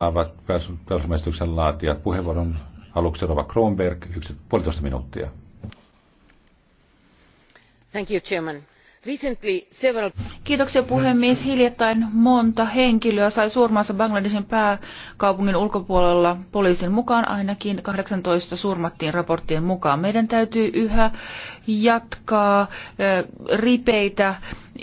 avat pääsumestuksen laatijat. Puheenvuoron aluksi Rova Kronberg, yksi, puolitoista minuuttia. Thank you, Chairman. Kiitoksia puhemies. Hiljattain monta henkilöä sai surmansa Bangladesin pääkaupungin ulkopuolella poliisin mukaan. Ainakin 18 surmattiin raporttien mukaan. Meidän täytyy yhä jatkaa ripeitä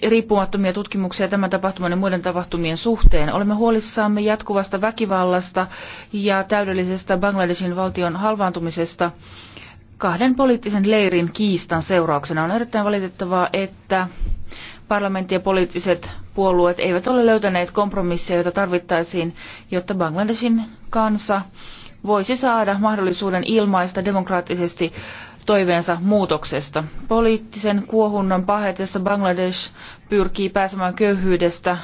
riippumattomia tutkimuksia tämän tapahtuman ja muiden tapahtumien suhteen. Olemme huolissamme jatkuvasta väkivallasta ja täydellisestä Bangladesin valtion halvaantumisesta kahden poliittisen leirin kiistan seurauksena. On erittäin valitettavaa, että parlamentti ja poliittiset puolueet eivät ole löytäneet kompromisseja, joita tarvittaisiin, jotta Bangladesin kansa voisi saada mahdollisuuden ilmaista demokraattisesti toiveensa muutoksesta. Poliittisen kuohunnan pahetessa Bangladesh pyrkii pääsemään köyhyydestä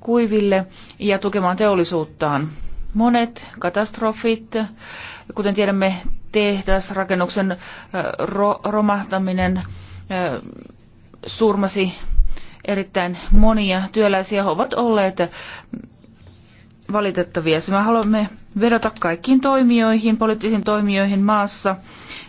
kuiville ja tukemaan teollisuuttaan. Monet katastrofit, kuten tiedämme ro, romahtaminen surmasi erittäin monia työläisiä. He ovat olleet valitettavia. Me haluamme vedota kaikkiin toimijoihin, poliittisiin toimijoihin maassa,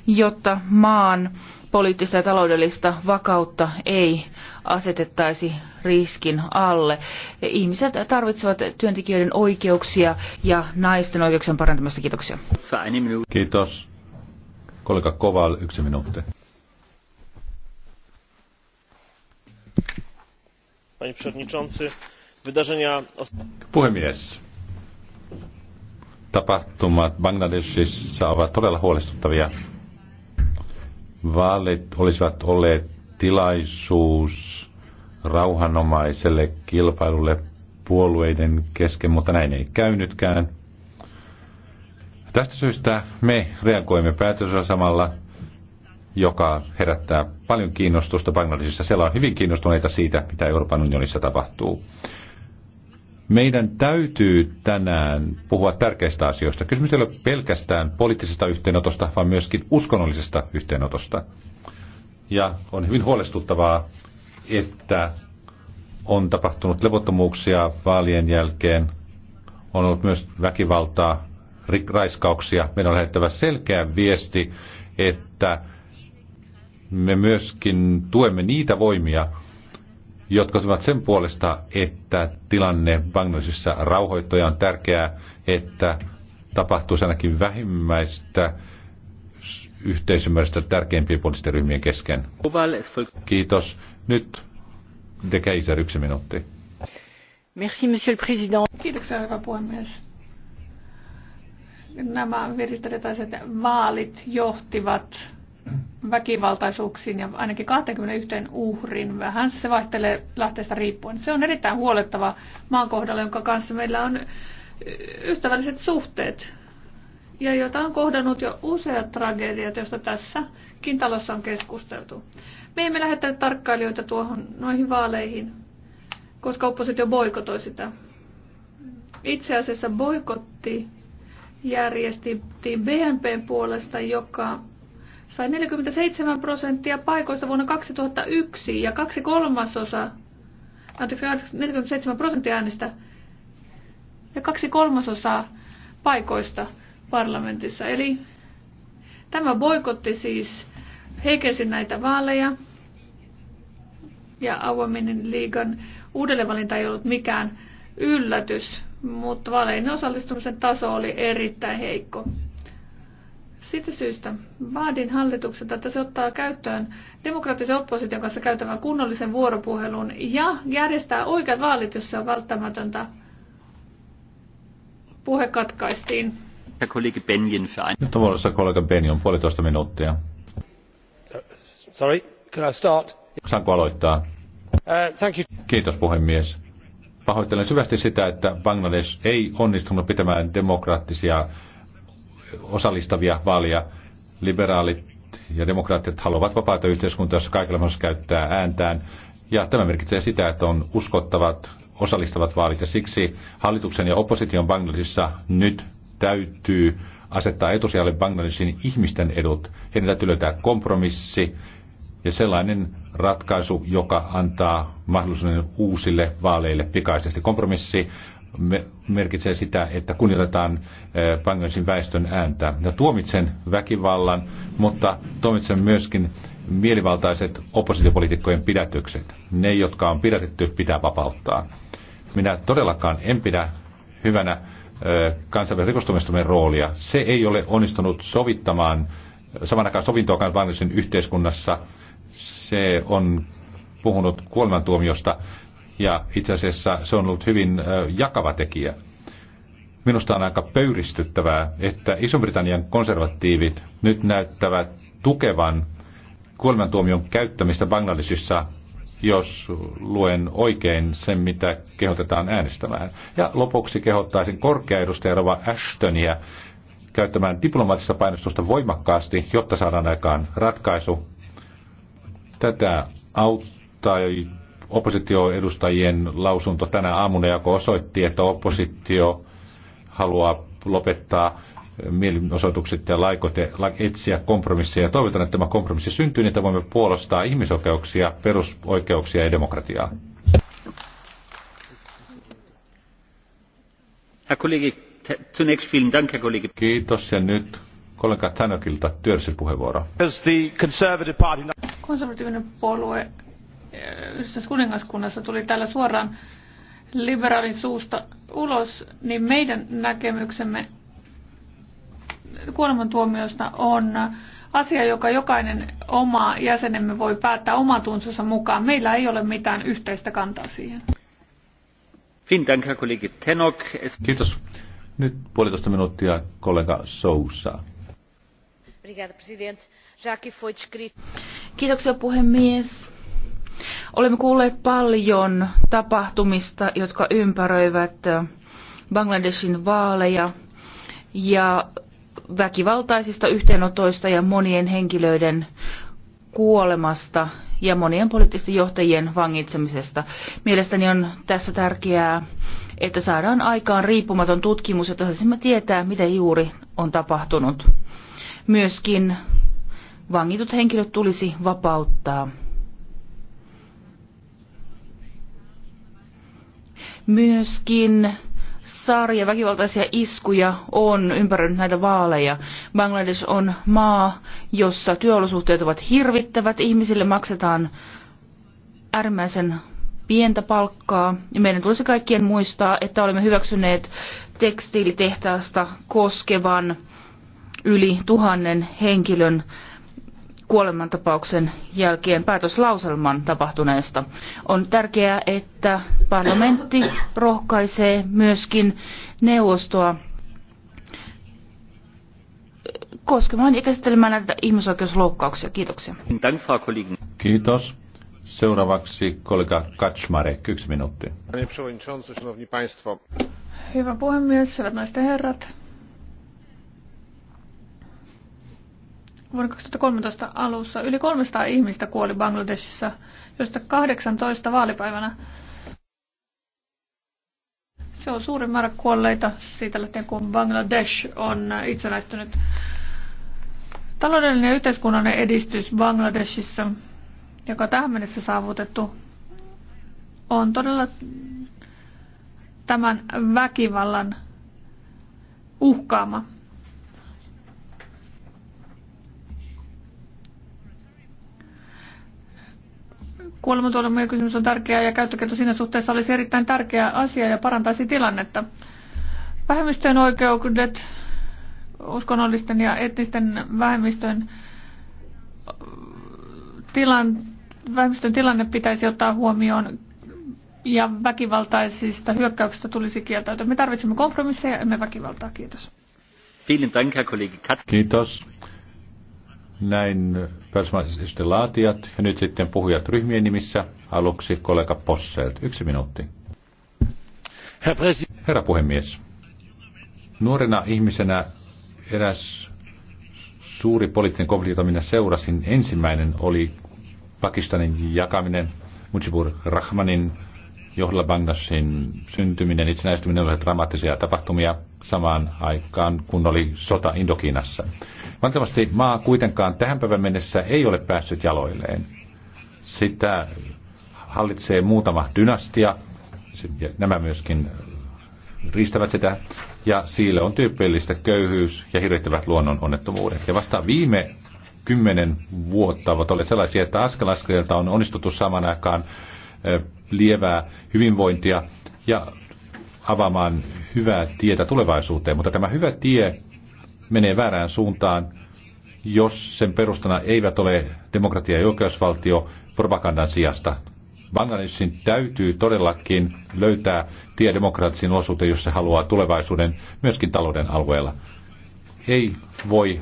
jotta maan poliittista ja taloudellista vakautta ei asetettaisi riskin alle. Ihmiset tarvitsevat työntekijöiden oikeuksia ja naisten oikeuksien parantamista. Kiitoksia. Kiitos. Kollega Koval, yksi minuutti. Panie przewodniczący, wydarzenia... Puhemies, tapahtumat Bangladesissa ovat todella huolestuttavia. Vaalit olisivat olleet tilaisuus rauhanomaiselle kilpailulle puolueiden kesken, mutta näin ei käynytkään. Tästä syystä me reagoimme päätösasemalla, joka herättää paljon kiinnostusta Bangladesissa. Siellä on hyvin kiinnostuneita siitä, mitä Euroopan unionissa tapahtuu. Meidän täytyy tänään puhua tärkeistä asioista. Kysymys ei ole pelkästään poliittisesta yhteenotosta, vaan myöskin uskonnollisesta yhteenotosta. Ja on hyvin huolestuttavaa, että on tapahtunut levottomuuksia vaalien jälkeen. On ollut myös väkivaltaa raiskauksia. Meidän on lähettävä selkeä viesti, että me myöskin tuemme niitä voimia, jotka ovat sen puolesta, että tilanne Bangladesissa rauhoittoja on tärkeää, että tapahtuisi ainakin vähimmäistä yhteisymmärrystä tärkeimpien poliittisten ryhmien kesken. Kiitos. Nyt De Keiser, yksi minuutti. Merci, monsieur le président. Kiitoksia, hyvä puhemies nämä asiat, vaalit johtivat väkivaltaisuuksiin ja ainakin 21 uhrin vähän. Se vaihtelee lähteestä riippuen. Se on erittäin huolettava maan kohdalla, jonka kanssa meillä on ystävälliset suhteet ja jota on kohdannut jo useat tragediat, joista tässäkin talossa on keskusteltu. Me emme lähettäneet tarkkailijoita tuohon noihin vaaleihin, koska oppositio boikotoi sitä. Itse asiassa boikotti järjestettiin BNPn puolesta, joka sai 47 prosenttia paikoista vuonna 2001 ja kaksi kolmasosa, anteeksi, 47 prosenttia äänestä ja kaksi kolmasosaa paikoista parlamentissa. Eli tämä boikotti siis heikensi näitä vaaleja ja Awaminin liigan uudelleenvalinta ei ollut mikään yllätys mutta vaaleihin osallistumisen taso oli erittäin heikko. Siitä syystä vaadin hallitukselta, että se ottaa käyttöön demokraattisen opposition kanssa käytävän kunnollisen vuoropuhelun ja järjestää oikeat vaalit, jos se on välttämätöntä. Puhe katkaistiin. Ja kollega Benjen Nyt on vuorossa kollega Benjen, puolitoista minuuttia. Sorry, can I start? Saanko aloittaa? Uh, thank you. Kiitos puhemies Pahoittelen syvästi sitä, että Bangladesh ei onnistunut pitämään demokraattisia osallistavia vaalia. Liberaalit ja demokraattit haluavat vapaata yhteiskuntaa, jossa kaikilla maassa käyttää ääntään. Ja tämä merkitsee sitä, että on uskottavat, osallistavat vaalit. Ja siksi hallituksen ja opposition Bangladesissa nyt täytyy asettaa etusijalle Bangladesin ihmisten edut. Heidän täytyy löytää kompromissi ja sellainen ratkaisu, joka antaa mahdollisuuden uusille vaaleille pikaisesti. Kompromissi merkitsee sitä, että kunnioitetaan eh, Bangladesin väestön ääntä. Ja tuomitsen väkivallan, mutta tuomitsen myöskin mielivaltaiset oppositiopolitiikkojen pidätykset. Ne, jotka on pidätetty, pitää vapauttaa. Minä todellakaan en pidä hyvänä eh, kansainvälisen rikostumistumien roolia. Se ei ole onnistunut sovittamaan, eh, samanaikaan sovintoa sovintoakaan Bangladesin yhteiskunnassa – se on puhunut kuolemantuomiosta ja itse asiassa se on ollut hyvin jakava tekijä. Minusta on aika pöyristyttävää, että Iso-Britannian konservatiivit nyt näyttävät tukevan kuolemantuomion käyttämistä Bangladesissa, jos luen oikein sen, mitä kehotetaan äänestämään. Ja lopuksi kehottaisin korkea edustaja Rova Ashtonia käyttämään diplomaattista painostusta voimakkaasti, jotta saadaan aikaan ratkaisu Tätä auttaa oppositioedustajien lausunto tänä aamuna, joka osoitti, että oppositio haluaa lopettaa mielenosoitukset ja laikote, etsiä kompromisseja. Ja Toivotan, että tämä kompromissi syntyy, niin että voimme puolustaa ihmisoikeuksia, perusoikeuksia ja demokratiaa. Kiitos ja nyt kollega Tanokilta työllisyyspuheenvuoro konservatiivinen puolue eh, yhdessä kuningaskunnassa tuli täällä suoraan liberaalin suusta ulos, niin meidän näkemyksemme kuolemantuomiosta on asia, joka jokainen oma jäsenemme voi päättää oman mukaan. Meillä ei ole mitään yhteistä kantaa siihen. Kiitos. Nyt puolitoista minuuttia kollega Sousaa. Kiitoksia puhemies. Olemme kuulleet paljon tapahtumista, jotka ympäröivät Bangladeshin vaaleja ja väkivaltaisista yhteenotoista ja monien henkilöiden kuolemasta ja monien poliittisten johtajien vangitsemisesta. Mielestäni on tässä tärkeää, että saadaan aikaan riippumaton tutkimus, jotta saisimme tietää, mitä juuri on tapahtunut myöskin vangitut henkilöt tulisi vapauttaa. Myöskin sarja väkivaltaisia iskuja on ympäröinyt näitä vaaleja. Bangladesh on maa, jossa työolosuhteet ovat hirvittävät, ihmisille maksetaan äärimmäisen pientä palkkaa. Ja meidän tulisi kaikkien muistaa, että olemme hyväksyneet tekstiilitehtaasta koskevan yli tuhannen henkilön kuolemantapauksen jälkeen päätöslauselman tapahtuneesta. On tärkeää, että parlamentti rohkaisee myöskin neuvostoa koskemaan ja käsittelemään näitä ihmisoikeusloukkauksia. Kiitoksia. Kiitos. Seuraavaksi kollega Kaczmarek, yksi minuutti. Hyvä puhemies, hyvät naiset ja herrat. vuoden 2013 alussa yli 300 ihmistä kuoli Bangladesissa, josta 18 vaalipäivänä. Se on suurin määrä kuolleita siitä lähtien, kun Bangladesh on itsenäistynyt. Taloudellinen ja yhteiskunnallinen edistys Bangladesissa, joka tähän mennessä saavutettu, on todella tämän väkivallan uhkaama. Kuolemantuolemujen kysymys on tärkeä ja käyttökielto siinä suhteessa olisi erittäin tärkeä asia ja parantaisi tilannetta. Vähemmistöjen oikeudet, uskonnollisten ja etnisten vähemmistöjen tilan, vähemmistön tilanne pitäisi ottaa huomioon ja väkivaltaisista hyökkäyksistä tulisi kieltäytyä. Me tarvitsemme kompromisseja, emme väkivaltaa. Kiitos. Kiitos. Näin persoonallisesti laatijat ja nyt sitten puhujat ryhmien nimissä. Aluksi kollega Posselt. Yksi minuutti. Herra puhemies. Nuorena ihmisenä eräs suuri poliittinen konflikti, jota minä seurasin, ensimmäinen oli Pakistanin jakaminen Mujibur Rahmanin Johla Banglashin syntyminen, itsenäistyminen olivat dramaattisia tapahtumia samaan aikaan, kun oli sota Indokiinassa. Valtavasti maa kuitenkaan tähän päivän mennessä ei ole päässyt jaloilleen. Sitä hallitsee muutama dynastia, nämä myöskin riistävät sitä, ja siille on tyypillistä köyhyys ja hirvittävät luonnon onnettomuudet. Ja vasta viime kymmenen vuotta ovat olleet sellaisia, että askel askeleelta on onnistuttu saman aikaan lievää hyvinvointia ja avaamaan hyvää tietä tulevaisuuteen. Mutta tämä hyvä tie menee väärään suuntaan, jos sen perustana eivät ole demokratia ja oikeusvaltio propagandan sijasta. Bangladesin täytyy todellakin löytää tie demokraattisiin osuuteen, jos se haluaa tulevaisuuden myöskin talouden alueella. Ei voi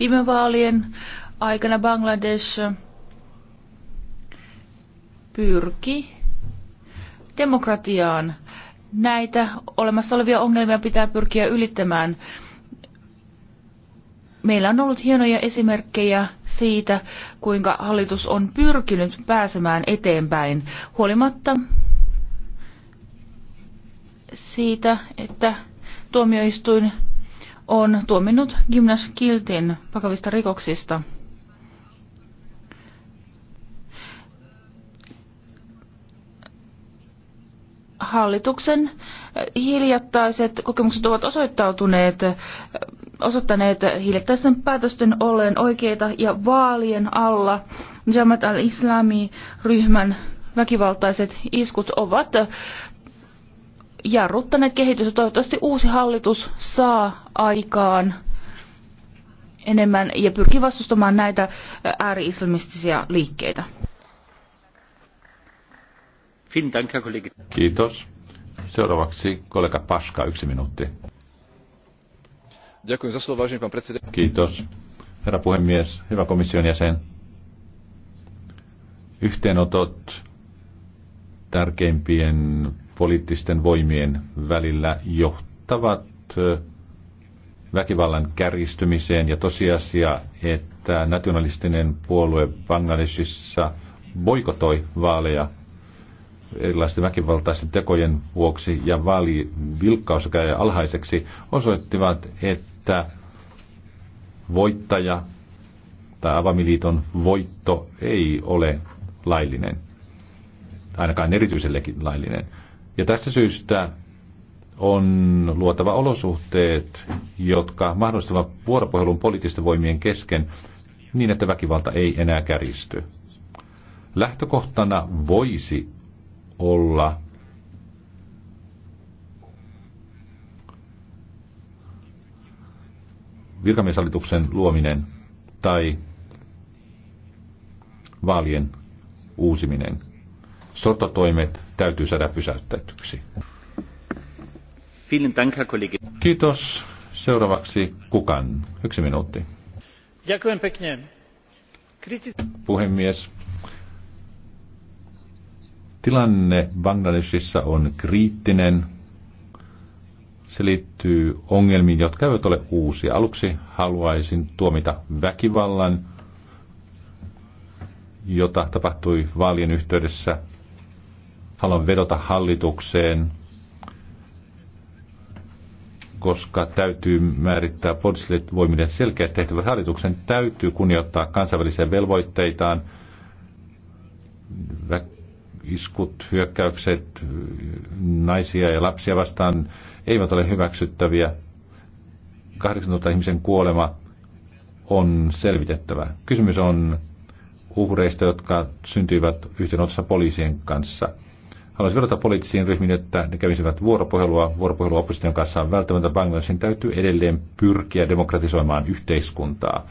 Viime vaalien aikana Bangladesh pyrki demokratiaan. Näitä olemassa olevia ongelmia pitää pyrkiä ylittämään. Meillä on ollut hienoja esimerkkejä siitä, kuinka hallitus on pyrkinyt pääsemään eteenpäin huolimatta siitä, että tuomioistuin on tuominnut Gymnas Kiltin vakavista rikoksista. Hallituksen eh, hiljattaiset kokemukset ovat osoittautuneet eh, osoittaneet hiljattaisten päätösten olleen oikeita ja vaalien alla Jamaat al-Islami ryhmän väkivaltaiset iskut ovat jarruttaneet kehitystä. Toivottavasti uusi hallitus saa aikaan enemmän ja pyrkii vastustamaan näitä ääri-islamistisia liikkeitä. Kiitos. Seuraavaksi kollega Paska, yksi minuutti. Kiitos. Herra puhemies, hyvä komission jäsen. Yhteenotot tärkeimpien poliittisten voimien välillä johtavat väkivallan kärjistymiseen ja tosiasia, että nationalistinen puolue Bangladesissa boikotoi vaaleja erilaisten väkivaltaisten tekojen vuoksi ja vaalivilkkaus käy alhaiseksi, osoittivat, että voittaja tai avamiliiton voitto ei ole laillinen, ainakaan erityisellekin laillinen. Ja tästä syystä on luotava olosuhteet, jotka mahdollistavat vuoropuhelun poliittisten voimien kesken niin, että väkivalta ei enää kärjisty. Lähtökohtana voisi olla virkamieshallituksen luominen tai vaalien uusiminen sotatoimet täytyy saada pysäyttäytyksi. Kiitos. Seuraavaksi Kukan. Yksi minuutti. Puhemies. Tilanne Bangladesissa on kriittinen. Se liittyy ongelmiin, jotka eivät ole uusia. Aluksi haluaisin tuomita väkivallan, jota tapahtui vaalien yhteydessä haluan vedota hallitukseen, koska täytyy määrittää poliisille voimien selkeät tehtävät. Hallituksen täytyy kunnioittaa kansainvälisiä velvoitteitaan, iskut, hyökkäykset naisia ja lapsia vastaan eivät ole hyväksyttäviä. 18 ihmisen kuolema on selvitettävä. Kysymys on uhreista, jotka syntyivät yhteenotossa poliisien kanssa – Haluaisin vedota poliittisiin ryhmiin, että ne kävisivät vuoropuhelua. Vuoropuhelu opposition kanssa on välttämättä. Bangladesin täytyy edelleen pyrkiä demokratisoimaan yhteiskuntaa.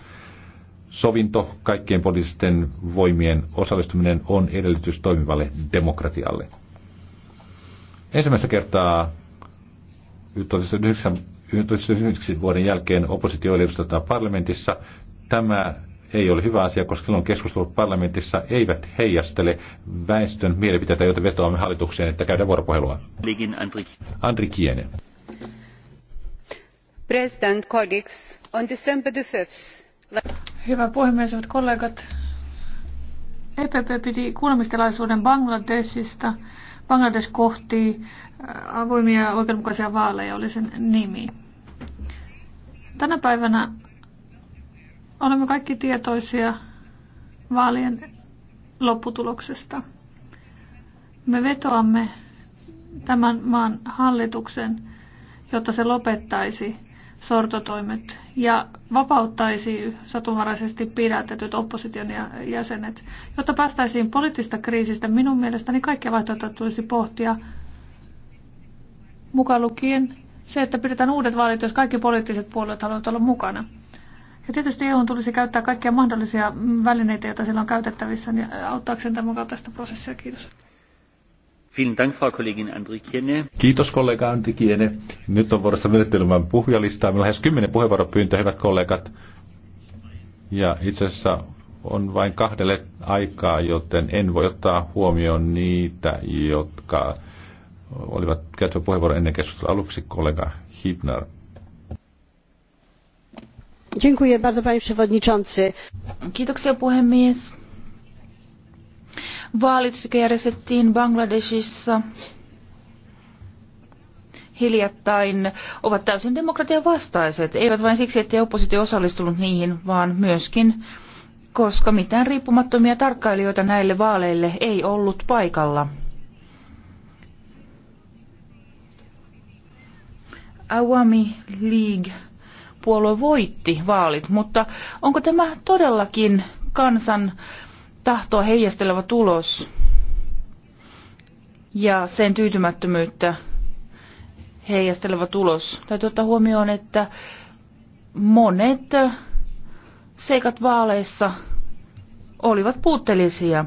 Sovinto, kaikkien poliittisten voimien osallistuminen on edellytys toimivalle demokratialle. Ensimmäistä kertaa 1999 vuoden jälkeen oppositio oli parlamentissa. Tämä ei ole hyvä asia, koska silloin keskustelut parlamentissa eivät heijastele väestön mielipiteitä, joita vetoamme hallitukseen, että käydään vuoropuhelua. Andri Kiene. President, Kodix, on December the 5th. Hyvä puhemies, hyvät kollegat. EPP piti kuulemistilaisuuden Bangladesista. Bangladesh kohti äh, avoimia ja oikeudenmukaisia vaaleja oli sen nimi. Tänä päivänä Olemme kaikki tietoisia vaalien lopputuloksesta. Me vetoamme tämän maan hallituksen, jotta se lopettaisi sortotoimet ja vapauttaisi satunvaraisesti pidätetyt opposition jäsenet. Jotta päästäisiin poliittista kriisistä, minun mielestäni kaikkia vaihtoehtoja tulisi pohtia mukaan lukien se, että pidetään uudet vaalit, jos kaikki poliittiset puolueet haluavat olla mukana. Ja tietysti EU tulisi käyttää kaikkia mahdollisia välineitä, joita siellä on käytettävissä, niin auttaakseen tämän kaltaista prosessia. Kiitos. Kiitos kollega Andrikiene. Nyt on vuorossa menettelymään puhujalistaa. Meillä on lähes kymmenen puheenvuoropyyntöä, hyvät kollegat. Ja itse asiassa on vain kahdelle aikaa, joten en voi ottaa huomioon niitä, jotka olivat käyttöön puheenvuoron ennen keskustelua aluksi kollega Hibnar. Dziękuję puhemies. Vaalit, jotka järjestettiin Bangladesissa hiljattain, ovat täysin demokratian vastaiset. Eivät vain siksi, että oppositio osallistunut niihin, vaan myöskin koska mitään riippumattomia tarkkailijoita näille vaaleille ei ollut paikalla. Awami League puolue voitti vaalit, mutta onko tämä todellakin kansan tahtoa heijastelevä tulos ja sen tyytymättömyyttä heijastelevä tulos? Täytyy ottaa huomioon, että monet seikat vaaleissa olivat puutteellisia.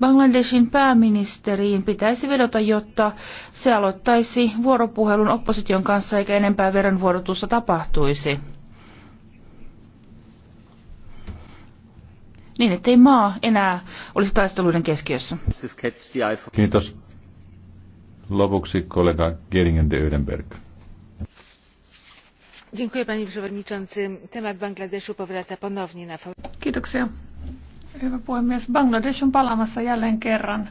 Bangladeshin pääministeriin pitäisi vedota, jotta se aloittaisi vuoropuhelun opposition kanssa eikä enempää verenvuodotusta tapahtuisi. Niin, ettei maa enää olisi taisteluiden keskiössä. Kiitos. Lopuksi kollega Geringen de Ödenberg. Kiitoksia. Hyvä puhemies. Bangladesh on palaamassa jälleen kerran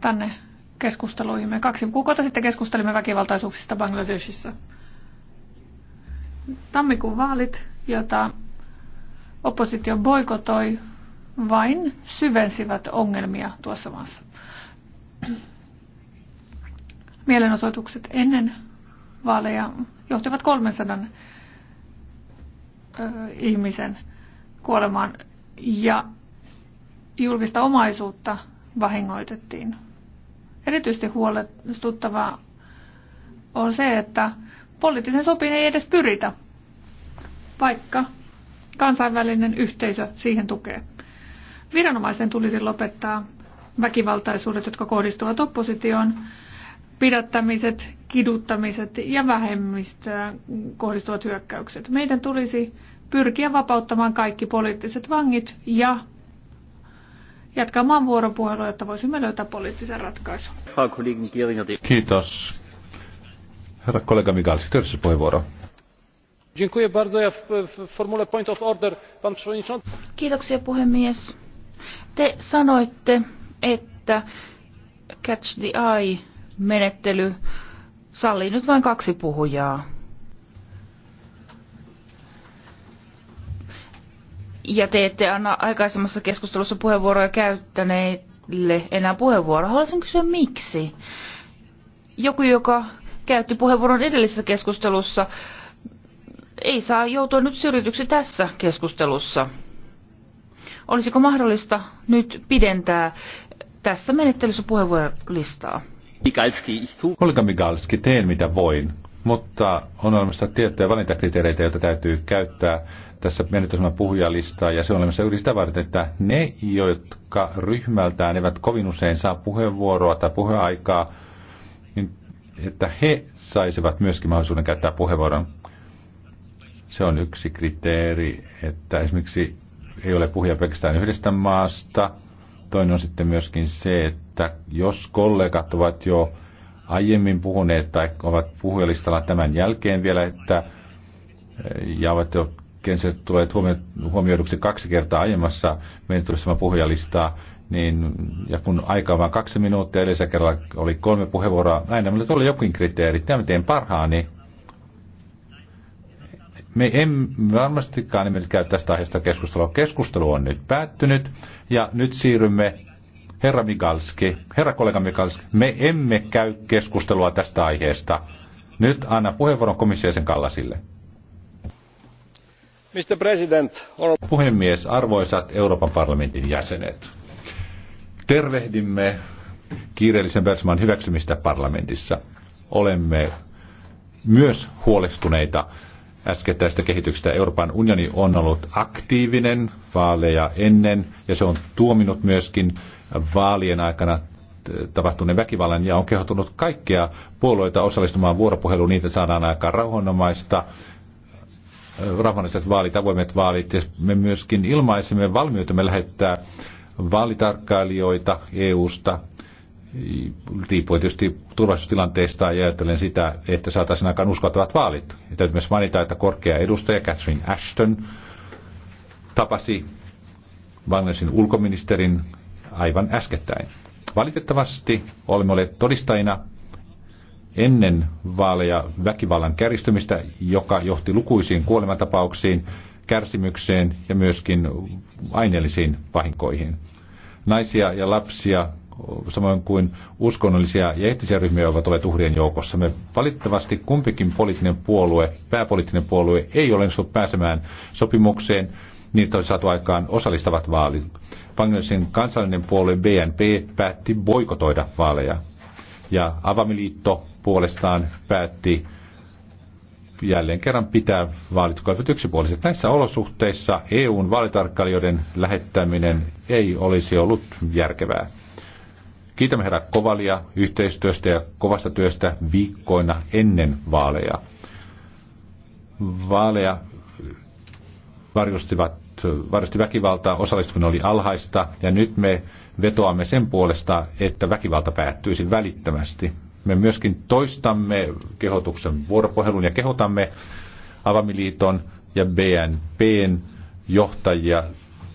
tänne keskusteluihimme. Kaksi kuukautta sitten keskustelimme väkivaltaisuuksista Bangladeshissa. Tammikuun vaalit, joita oppositio boikotoi, vain syvensivät ongelmia tuossa maassa. Mielenosoitukset ennen vaaleja johtivat 300 ihmisen kuolemaan ja julkista omaisuutta vahingoitettiin. Erityisesti huolestuttavaa on se, että poliittisen sopin ei edes pyritä, vaikka kansainvälinen yhteisö siihen tukee. Viranomaisten tulisi lopettaa väkivaltaisuudet, jotka kohdistuvat oppositioon, pidättämiset, kiduttamiset ja vähemmistöön kohdistuvat hyökkäykset. Meidän tulisi pyrkiä vapauttamaan kaikki poliittiset vangit ja jatkamaan vuoropuhelua, jotta voisimme löytää poliittisen ratkaisun. Kiitos. Herra kollega Migalski, puheenvuoro. Kiitoksia puhemies. Te sanoitte, että catch the eye menettely sallii nyt vain kaksi puhujaa. ja te ette anna aikaisemmassa keskustelussa puheenvuoroja käyttäneille enää puheenvuoroa. Haluaisin kysyä miksi. Joku, joka käytti puheenvuoron edellisessä keskustelussa, ei saa joutua nyt syrjityksi tässä keskustelussa. Olisiko mahdollista nyt pidentää tässä menettelyssä puheenvuorolistaa? Olga Migalski, teen mitä voin. Mutta on olemassa tiettyjä valintakriteereitä, joita täytyy käyttää tässä menetysmän puhujalistaa, ja se on olemassa juuri sitä varten, että ne, jotka ryhmältään eivät kovin usein saa puheenvuoroa tai puheaikaa, niin että he saisivat myöskin mahdollisuuden käyttää puheenvuoron. Se on yksi kriteeri, että esimerkiksi ei ole puhuja pelkästään yhdestä maasta. Toinen on sitten myöskin se, että jos kollegat ovat jo aiemmin puhuneet tai ovat puhujalistalla tämän jälkeen vielä, että ja ovat jo kenties tulleet huomioiduksi kaksi kertaa aiemmassa menettelyssä puhujalistaa, niin, ja kun on vain kaksi minuuttia, edellisellä kerralla oli kolme puheenvuoroa, näin meillä tuli jokin kriteeri, tämä teen parhaani. Me emme varmastikaan emme käy tästä aiheesta keskustelua. Keskustelu on nyt päättynyt, ja nyt siirrymme Herra Migalski, herra kollega Migalski, me emme käy keskustelua tästä aiheesta. Nyt anna puheenvuoron komissiaisen Kallasille. Mr. President, or... Puhemies, arvoisat Euroopan parlamentin jäsenet. Tervehdimme kiireellisen Bertsman hyväksymistä parlamentissa. Olemme myös huolestuneita äskettäistä kehityksestä. Euroopan unioni on ollut aktiivinen vaaleja ennen ja se on tuominut myöskin vaalien aikana tapahtuneen väkivallan ja on kehottunut kaikkia puolueita osallistumaan vuoropuheluun. Niitä saadaan aikaan rauhanomaista rauhanomaiset vaalit, avoimet vaalit. Ja me myöskin ilmaisimme valmiutemme lähettää vaalitarkkailijoita EU-sta riippuen tietysti turvallisuustilanteesta ja ajattelen sitä, että saataisiin aikaan uskottavat vaalit. Ja täytyy myös mainita, että korkea edustaja Catherine Ashton tapasi Bangladesin ulkoministerin aivan äskettäin. Valitettavasti olemme olleet todistajina ennen vaaleja väkivallan kärjistymistä, joka johti lukuisiin kuolemantapauksiin, kärsimykseen ja myöskin aineellisiin vahinkoihin. Naisia ja lapsia samoin kuin uskonnollisia ja etnisiä ryhmiä ovat olleet uhrien joukossa. Me valitettavasti kumpikin poliittinen puolue, pääpoliittinen puolue, ei ole onnistunut pääsemään sopimukseen, niitä on saatu aikaan osallistavat vaalit. Bangladesin kansallinen puolue BNP päätti boikotoida vaaleja. Ja Avamiliitto puolestaan päätti jälleen kerran pitää vaalit olivat yksipuoliset. Näissä olosuhteissa EUn vaalitarkkailijoiden lähettäminen ei olisi ollut järkevää. Kiitämme herra Kovalia yhteistyöstä ja kovasta työstä viikkoina ennen vaaleja. Vaaleja varjostivat, varjosti väkivaltaa, osallistuminen oli alhaista ja nyt me vetoamme sen puolesta, että väkivalta päättyisi välittömästi. Me myöskin toistamme kehotuksen vuoropuhelun ja kehotamme Avamiliiton ja BNPn johtajia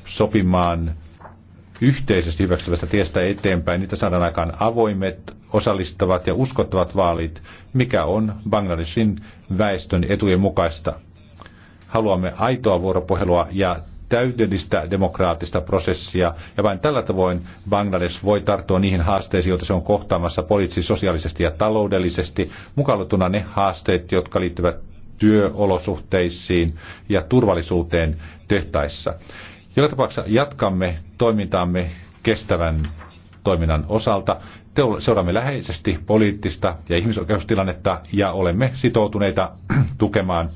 sopimaan yhteisesti hyväksyvästä tiestä eteenpäin, niitä saadaan aikaan avoimet, osallistavat ja uskottavat vaalit, mikä on Bangladesin väestön etujen mukaista. Haluamme aitoa vuoropuhelua ja täydellistä demokraattista prosessia, ja vain tällä tavoin Bangladesh voi tarttua niihin haasteisiin, joita se on kohtaamassa poliittisesti, sosiaalisesti ja taloudellisesti, mukautuna ne haasteet, jotka liittyvät työolosuhteisiin ja turvallisuuteen tehtaissa. Joka tapauksessa jatkamme toimintaamme kestävän toiminnan osalta. Seuraamme läheisesti poliittista ja ihmisoikeustilannetta ja olemme sitoutuneita tukemaan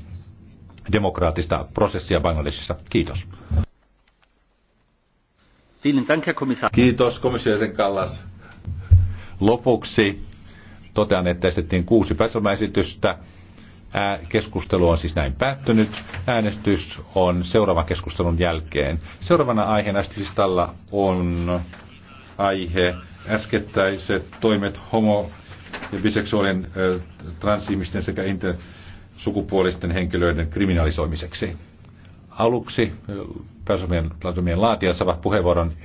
demokraattista prosessia Bangladesissa. Kiitos. Kiitos komission jäsen Kallas. Lopuksi totean, että esitettiin kuusi päätelmäesitystä. Keskustelu on siis näin päättynyt. Äänestys on seuraavan keskustelun jälkeen. Seuraavana aiheena listalla on aihe äskettäiset toimet homo- ja biseksuaalien transihmisten sekä inter- sukupuolisten henkilöiden kriminalisoimiseksi. Aluksi pääsomien laatia saavat puheenvuoron